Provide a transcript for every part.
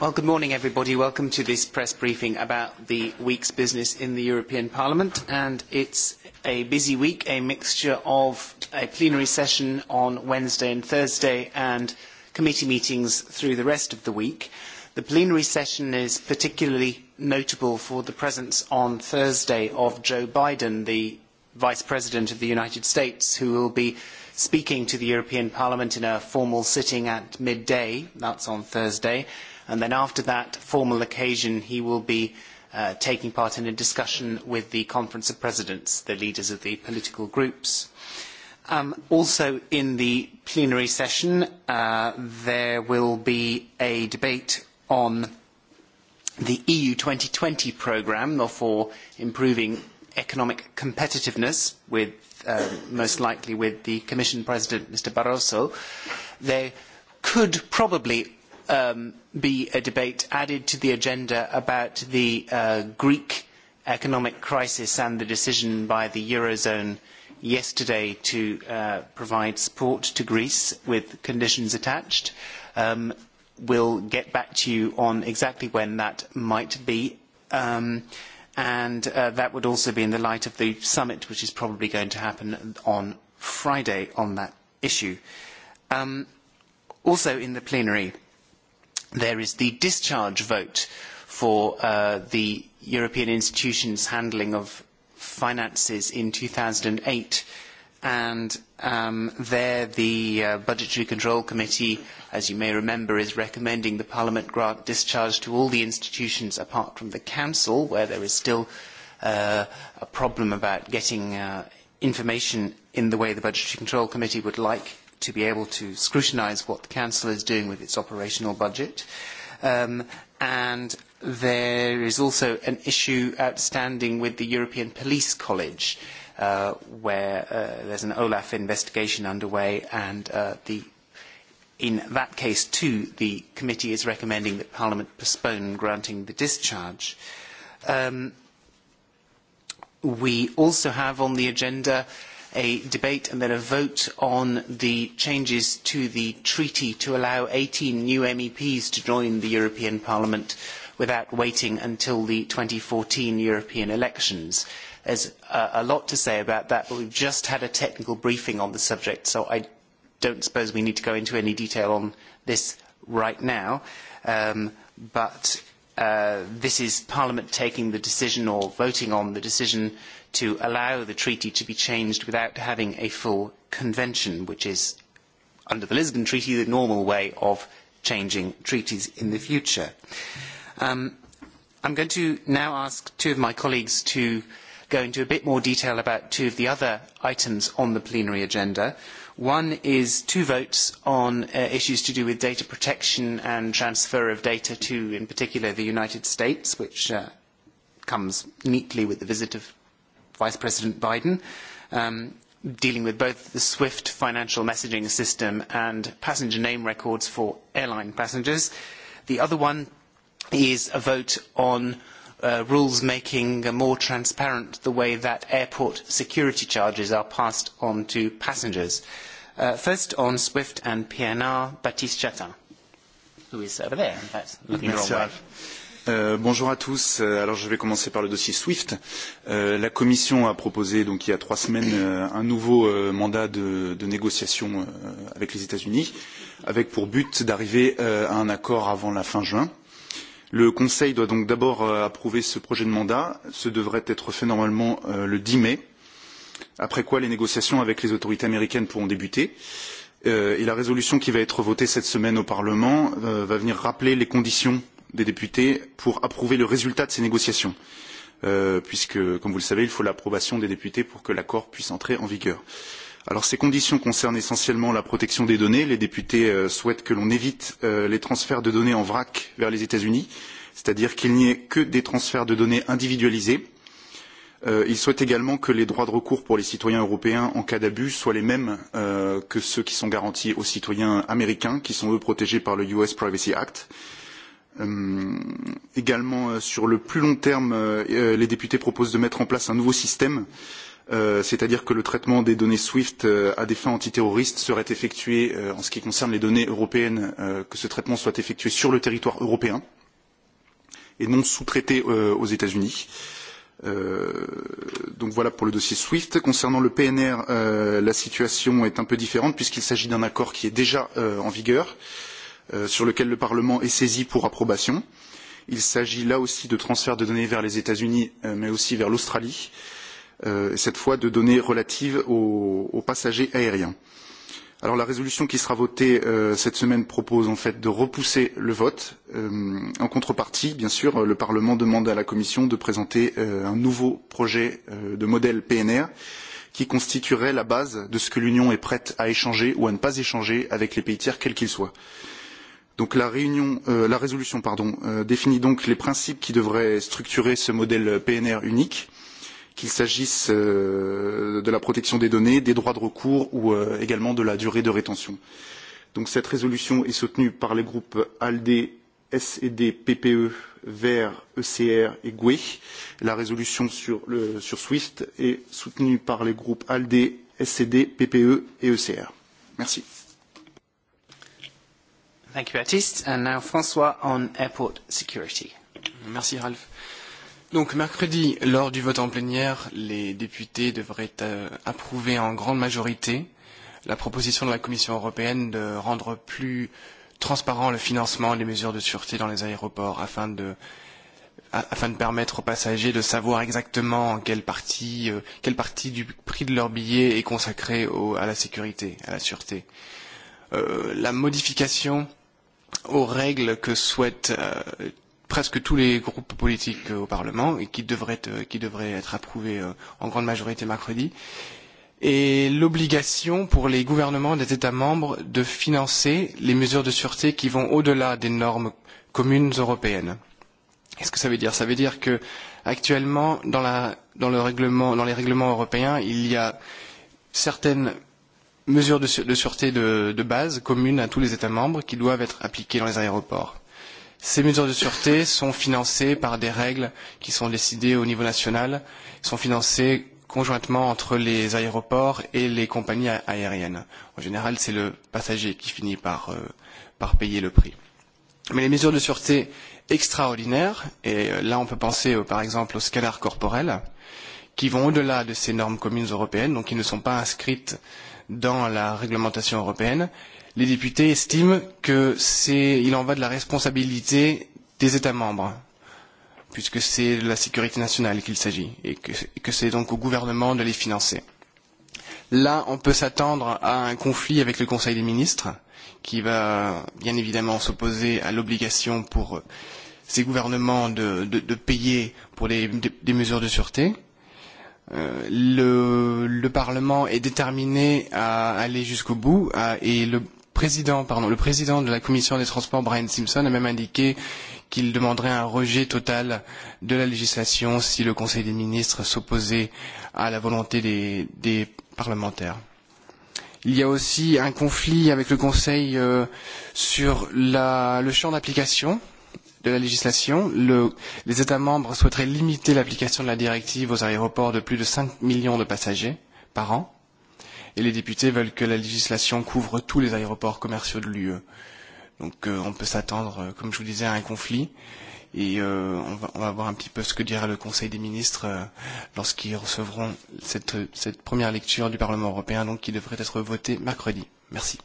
Well, good morning, everybody. Welcome to this press briefing about the week's business in the European Parliament. And it's a busy week, a mixture of a plenary session on Wednesday and Thursday and committee meetings through the rest of the week. The plenary session is particularly notable for the presence on Thursday of Joe Biden, the Vice President of the United States, who will be speaking to the European Parliament in a formal sitting at midday. That's on Thursday and then after that formal occasion he will be taking part in a discussion with the Conference of Presidents, the leaders of the political groups. Also in the plenary session there will be a debate on the EU 2020 programme for improving economic competitiveness, with most likely with the Commission President, Mr. Barroso. They could probably be a debate added to the agenda about the Greek economic crisis and the decision by the Eurozone yesterday to provide support to Greece with conditions attached. We'll get back to you on exactly when that might be. And that would also be in the light of the summit, which is probably going to happen on Friday on that issue. Also in the plenary There is the discharge vote for the European institutions handling of finances in 2008, and there the Budgetary Control Committee, as you may remember, is recommending the Parliament grant discharge to all the institutions apart from the Council, where there is still a problem about getting information in the way the Budgetary Control Committee would like to be able to scrutinise what the council is doing with its operational budget. And there is also an issue outstanding with the European Police College, where there's an OLAF investigation underway, and in that case, too, the committee is recommending that Parliament postpone granting the discharge. We also have on the agenda a debate and then a vote on the changes to the treaty to allow 18 new MEPs to join the European Parliament without waiting until the 2014 European elections. There's a lot to say about that, but we've just had a technical briefing on the subject, so I don't suppose we need to go into any detail on this right now. But this is Parliament taking the decision or voting on the decision to allow the treaty to be changed without having a full convention, which is, under the Lisbon Treaty, the normal way of changing treaties in the future. I'm going to now ask two of my colleagues to go into a bit more detail about two of the other items on the plenary agenda. One is two votes on issues to do with data protection and transfer of data to, in particular, the United States, which comes neatly with the visit of Vice President Biden, dealing with both the SWIFT financial messaging system and passenger name records for airline passengers. The other one is a vote on rules making more transparent the way that airport security charges are passed on to passengers. First on SWIFT and PNR, Baptiste Chatin, who is over there, in fact, looking Bonjour à tous. Alors je vais commencer par le dossier SWIFT. La Commission a proposé donc il y a trois semaines un nouveau mandat de négociation avec les États-Unis, avec pour but d'arriver à un accord avant la fin juin Le Conseil doit donc d'abord approuver ce projet de mandat. Ce devrait être fait normalement le 10 mai, après quoi les négociations avec les autorités américaines pourront débuter. Et la résolution qui va être votée cette semaine au Parlement va venir rappeler les conditions des députés pour approuver le résultat de ces négociations, puisque, comme vous le savez, il faut l'approbation des députés pour que l'accord puisse entrer en vigueur. Alors ces conditions concernent essentiellement la protection des données. Les députés souhaitent que l'on évite les transferts de données en vrac vers les États-Unis, c'est-à-dire qu'il n'y ait que des transferts de données individualisés. Ils souhaitent également que les droits de recours pour les citoyens européens en cas d'abus soient les mêmes que ceux qui sont garantis aux citoyens américains, qui sont eux protégés par le US Privacy Act. Également, sur le plus long terme, les députés proposent de mettre en place un nouveau système c'est-à-dire que le traitement des données SWIFT à des fins antiterroristes serait effectué, en ce qui concerne les données européennes, que ce traitement soit effectué sur le territoire européen et non sous-traité aux États-Unis. Donc voilà pour le dossier SWIFT. Concernant le PNR, la situation est un peu différente puisqu'il s'agit d'un accord qui est déjà en vigueur, sur lequel le Parlement est saisi pour approbation. Il s'agit là aussi de transfert de données vers les États-Unis, mais aussi vers l'Australie cette fois de données relatives aux passagers aériens. Alors la résolution qui sera votée cette semaine propose en fait de repousser le vote. En contrepartie, bien sûr, le Parlement demande à la Commission de présenter un nouveau projet de modèle PNR qui constituerait la base de ce que l'Union est prête à échanger ou à ne pas échanger avec les pays tiers, quels qu'ils soient. Donc la résolution définit donc les principes qui devraient structurer ce modèle PNR unique qu'il s'agisse de la protection des données, des droits de recours ou également de la durée de rétention. Donc cette résolution est soutenue par les groupes ALDE, SED, PPE, Vert, ECR et GUE. La résolution sur SWIFT est soutenue par les groupes ALDE, sd PPE et ECR. Merci. Thank And François on airport security. Merci, Ralph. Donc mercredi, lors du vote en plénière, les députés devraient approuver en grande majorité la proposition de la Commission européenne de rendre plus transparent le financement des mesures de sûreté dans les aéroports afin de afin de permettre aux passagers de savoir exactement quelle partie quelle partie du prix de leur billet est consacrée à la sécurité, à la sûreté. La modification aux règles que souhaite presque tous les groupes politiques au Parlement et qui devrait qui devrait être approuvés en grande majorité mercredi et l'obligation pour les gouvernements des États membres de financer les mesures de sûreté qui vont au-delà des normes communes européennes. Qu'est-ce que ça veut dire Ça veut dire que actuellement dans la dans le règlement dans les règlements européens, il y a certaines mesures de sûreté de de base communes à tous les États membres qui doivent être appliquées dans les aéroports Ces mesures de sûreté sont financées par des règles qui sont décidées au niveau national, sont financées conjointement entre les aéroports et les compagnies aériennes. En général, c'est le passager qui finit par payer le prix. Mais les mesures de sûreté extraordinaires, et là on peut penser par exemple au scanner corporel, qui vont au-delà de ces normes communes européennes, donc qui ne sont pas inscrites dans la réglementation européenne, les députés estiment qu'il en va de la responsabilité des États membres, puisque c'est de la sécurité nationale qu'il s'agit, et que c'est donc au gouvernement de les financer. Là, on peut s'attendre à un conflit avec le Conseil des ministres, qui va bien évidemment s'opposer à l'obligation pour ces gouvernements de payer pour des mesures de sûreté. Le Parlement est déterminé à aller jusqu'au bout et président, pardon, le président de la commission des transports, Brian Simpson, a même indiqué qu'il demanderait un rejet total de la législation si le Conseil des ministres s'opposait à la volonté des, parlementaires. Il y a aussi un conflit avec le Conseil sur le champ d'application de la législation. les États membres souhaiteraient limiter l'application de la directive aux aéroports de plus de 5 millions de passagers par an et les députés veulent que la législation couvre tous les aéroports commerciaux de l'UE. Donc on peut s'attendre, comme je vous disais, à un conflit et on va voir un petit peu ce que dira le Conseil des ministres lorsqu'ils recevront cette première lecture du Parlement européen, donc qui devrait être votée mercredi. Merci.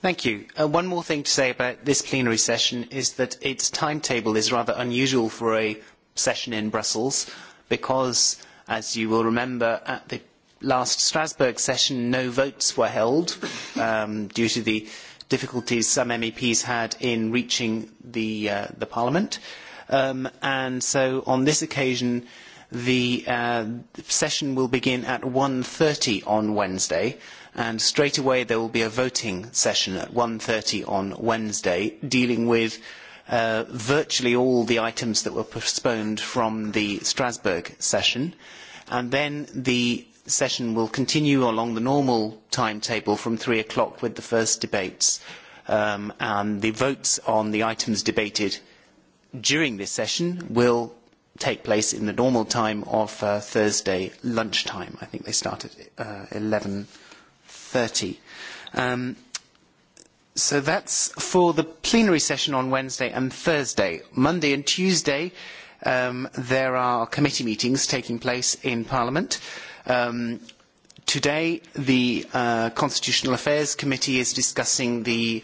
Thank you. One more thing to say about this plenary session is that its timetable is rather unusual for a session in Brussels because, as you will remember, at the last Strasbourg session, no votes were held due to the difficulties some MEPs had in reaching the Parliament. And so on this occasion, the session will begin at 1.30 on Wednesday, and straight away there will be a voting session at 1.30 on Wednesday dealing with virtually all the items that were postponed from the Strasbourg session. And then the session will continue along the normal timetable from 3 o'clock with the first debates, and the votes on the items debated during this session will take place in the normal time of Thursday lunchtime. I think they start at 11.30. So that's for the plenary session on Wednesday and Thursday. Monday and Tuesday, there are committee meetings taking place in Parliament. Today, the Constitutional Affairs Committee is discussing the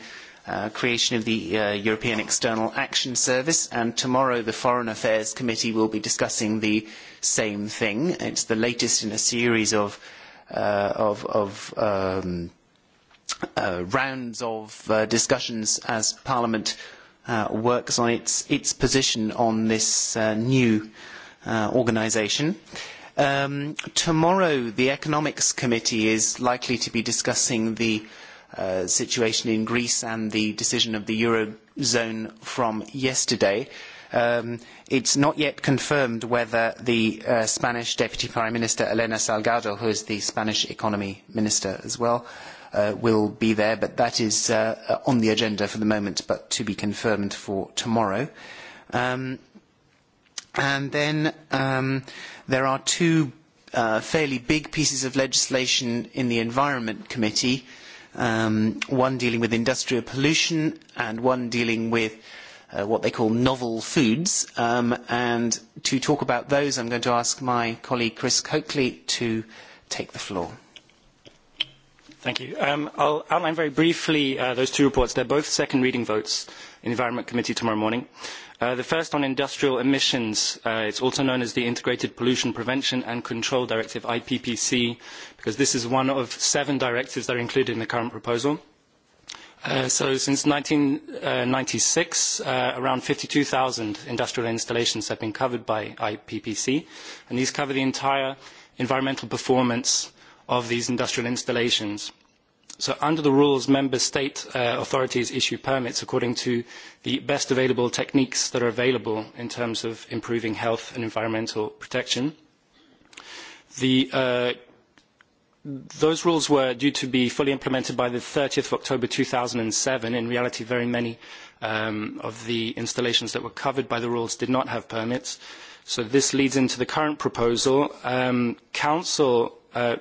creation of the European External Action Service, and tomorrow the Foreign Affairs Committee will be discussing the same thing. It's the latest in a series of rounds of discussions as Parliament works on its position on this new organisation. Tomorrow, the Economics Committee is likely to be discussing the situation in Greece and the decision of the Eurozone from yesterday. It's not yet confirmed whether the Spanish Deputy Prime Minister, Elena Salgado, who is the Spanish Economy Minister as well, will be there, but that is on the agenda for the moment, but to be confirmed for tomorrow. And then there are two fairly big pieces of legislation in the Environment Committee, one dealing with industrial pollution and one dealing with what they call novel foods. And to talk about those, I'm going to ask my colleague Chris Coakley to take the floor. Thank you. I'll outline very briefly those two reports. They're both second reading votes in the Environment Committee tomorrow morning. The first on industrial emissions. It's also known as the Integrated Pollution Prevention and Control Directive, IPPC, because this is one of seven directives that are included in the current proposal. So since 1996, around 52,000 industrial installations have been covered by IPPC, and these cover the entire environmental performance of these industrial installations. So under the rules, member state authorities issue permits according to the best available techniques that are available in terms of improving health and environmental protection. Those rules were due to be fully implemented by the 30th of October 2007. In reality, very many of the installations that were covered by the rules did not have permits. So this leads into the current proposal. Council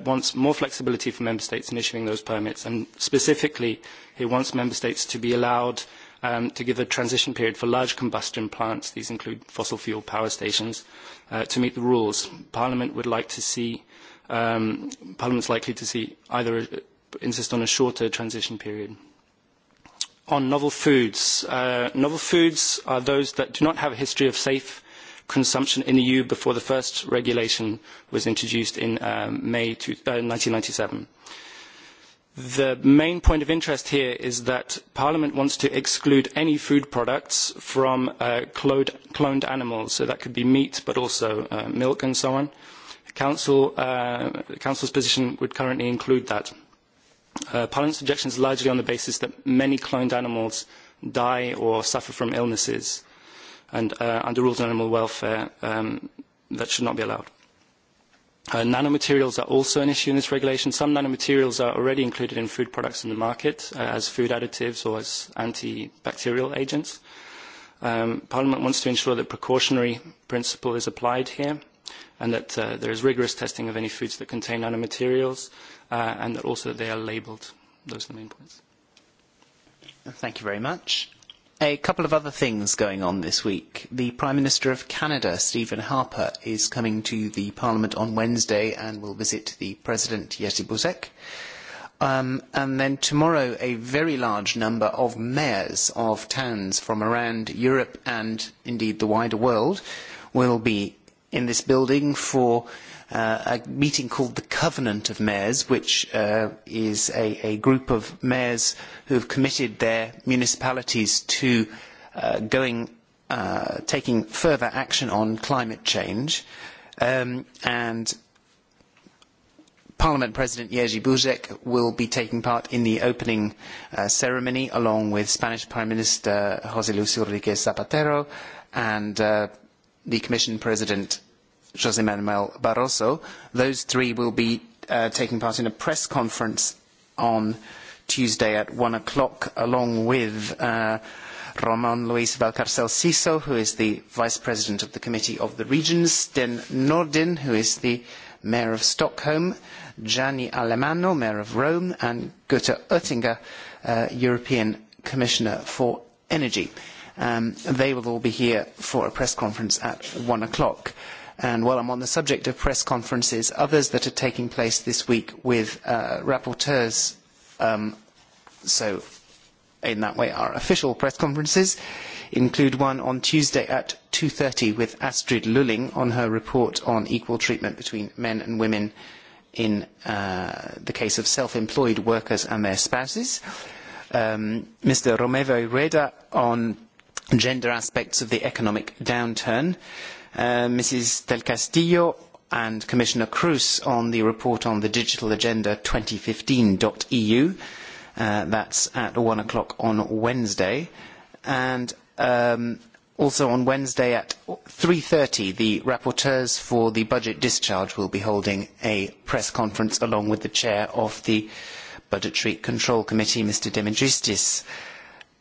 wants more flexibility for member states in issuing those permits, and specifically, it wants member states to be allowed to give a transition period for large combustion plants, these include fossil fuel power stations, to meet the rules. Parliament would like to see, Parliament is likely to see either insist on a shorter transition period. On novel foods, novel foods are those that do not have a history of safe consumption in the EU before the first regulation was introduced in May 1997. The main point of interest here is that Parliament wants to exclude any food products from cloned animals, so that could be meat but also milk and so on. The Council's position would currently include that. Parliament's objection is largely on the basis that many cloned animals die or suffer from illnesses and under rules on animal welfare that should not be allowed. Nanomaterials are also an issue in this regulation. Some nanomaterials are already included in food products in the market as food additives or as antibacterial agents. Parliament wants to ensure that precautionary principle is applied here and that there is rigorous testing of any foods that contain nanomaterials and that also they are labelled. Those are the main points. Thank you very much. A couple of other things going on this week. The Prime Minister of Canada, Stephen Harper, is coming to the Parliament on Wednesday and will visit the President, Jerzy Buzek. And then tomorrow, a very large number of mayors of towns from around Europe and indeed the wider world will be in this building for a meeting called the Covenant of Mayors, which is a group of mayors who have committed their municipalities to going, taking further action on climate change. And Parliament President Jerzy Buzek will be taking part in the opening ceremony, along with Spanish Prime Minister José Luis Rodríguez Zapatero and the Commission President José Manuel Barroso. Those three will be taking part in a press conference on Tuesday at 1 o'clock, along with Roman Luis Valcarcel Siso, who is the Vice President of the Committee of the Regions, Sten Nordin, who is the Mayor of Stockholm, Gianni Alemanno, Mayor of Rome, and Goethe Oettinger, European Commissioner for Energy. They will all be here for a press conference at 1 o'clock. And while I'm on the subject of press conferences, others that are taking place this week with rapporteurs, so in that way our official press conferences, include one on Tuesday at 2.30 with Astrid Lulling on her report on equal treatment between men and women in the case of self-employed workers and their spouses. Mr. Romevo Reda on gender aspects of the economic downturn. Mrs. Del Castillo and Commissioner Cruz on the report on the Digital Agenda 2015.eu. That's at one o'clock on Wednesday. And also on Wednesday at 3.30, the rapporteurs for the budget discharge will be holding a press conference along with the chair of the Budgetary Control Committee, Mr. Demetristis.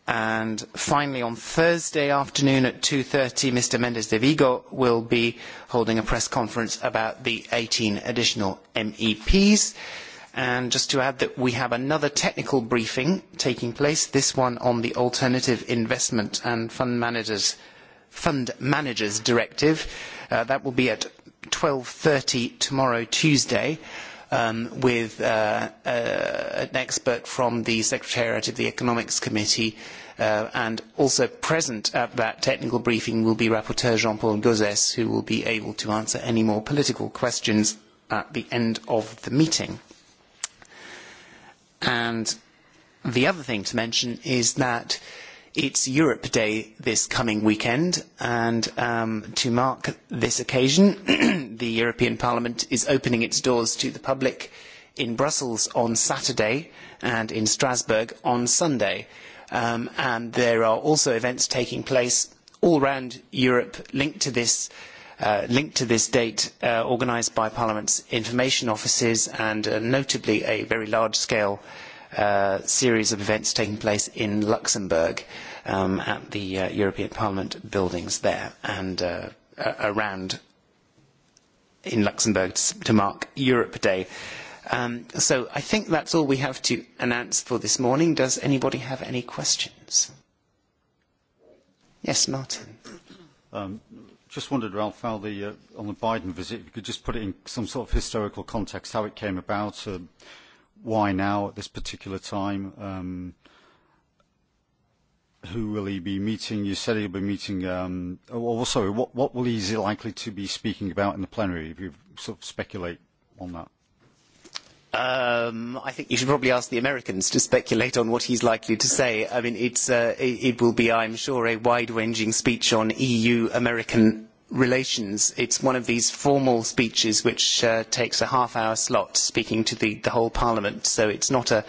And finally, on Thursday afternoon at 2.30, Mr. Mendes de Vigo will be holding a press conference about the 18 additional MEPs. And just to add that we have another technical briefing taking place, this one on the Alternative Investment and Fund Managers, Fund Managers Directive. That will be at 12.30 tomorrow, Tuesday with an expert from the Secretariat of the Economics Committee and also present at that technical briefing will be Rapporteur Jean-Paul Gauzès who will be able to answer any more political questions at the end of the meeting. And the other thing to mention is that It's Europe Day this coming weekend, and to mark this occasion, the European Parliament is opening its doors to the public in Brussels on Saturday and in Strasbourg on Sunday. And there are also events taking place all around Europe linked to this linked to this date, organised by Parliament's information offices and notably a very large-scale series of events taking place in Luxembourg at the European Parliament buildings there and around in Luxembourg to mark Europe Day. So I think that's all we have to announce for this morning. Does anybody have any questions? Yes, Martin. Just wondered, Ralph, how the on the Biden visit, you could just put it in some sort of historical context, how it came about why now at this particular time? Who will he be meeting? You said he'll be meeting. Um, oh, sorry, what, what will he likely to be speaking about in the plenary? If you sort of speculate on that. I think you should probably ask the Americans to speculate on what he's likely to say. I mean, it's, it will be, I'm sure, a wide-ranging speech on EU-American relations. It's one of these formal speeches which takes a half-hour slot speaking to the whole Parliament. So it's not a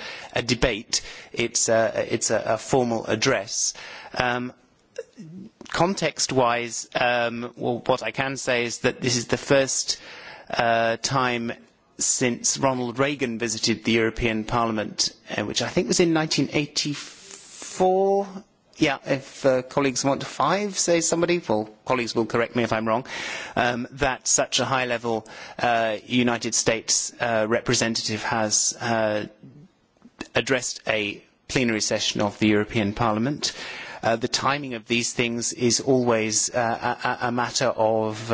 debate. It's a formal address. Context-wise, what I can say is that this is the first time since Ronald Reagan visited the European Parliament, which I think was in 1984 Yeah, if colleagues want five, say somebody, well, colleagues will correct me if I'm wrong, that such a high-level United States representative has addressed a plenary session of the European Parliament. The timing of these things is always a matter of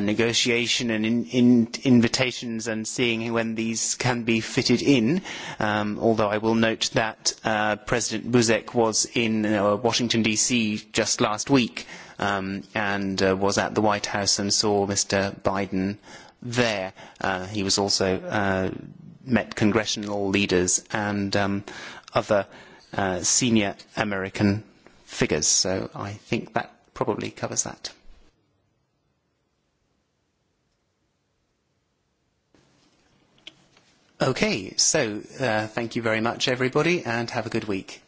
negotiation and invitations and seeing when these can be fitted in, although I will note that President Buzek was in Washington, D.C. just last week and was at the White House and saw Mr. Biden there. He was also met congressional leaders and other senior American figures. So I think that probably covers that. Okay, so thank you very much, everybody, and have a good week.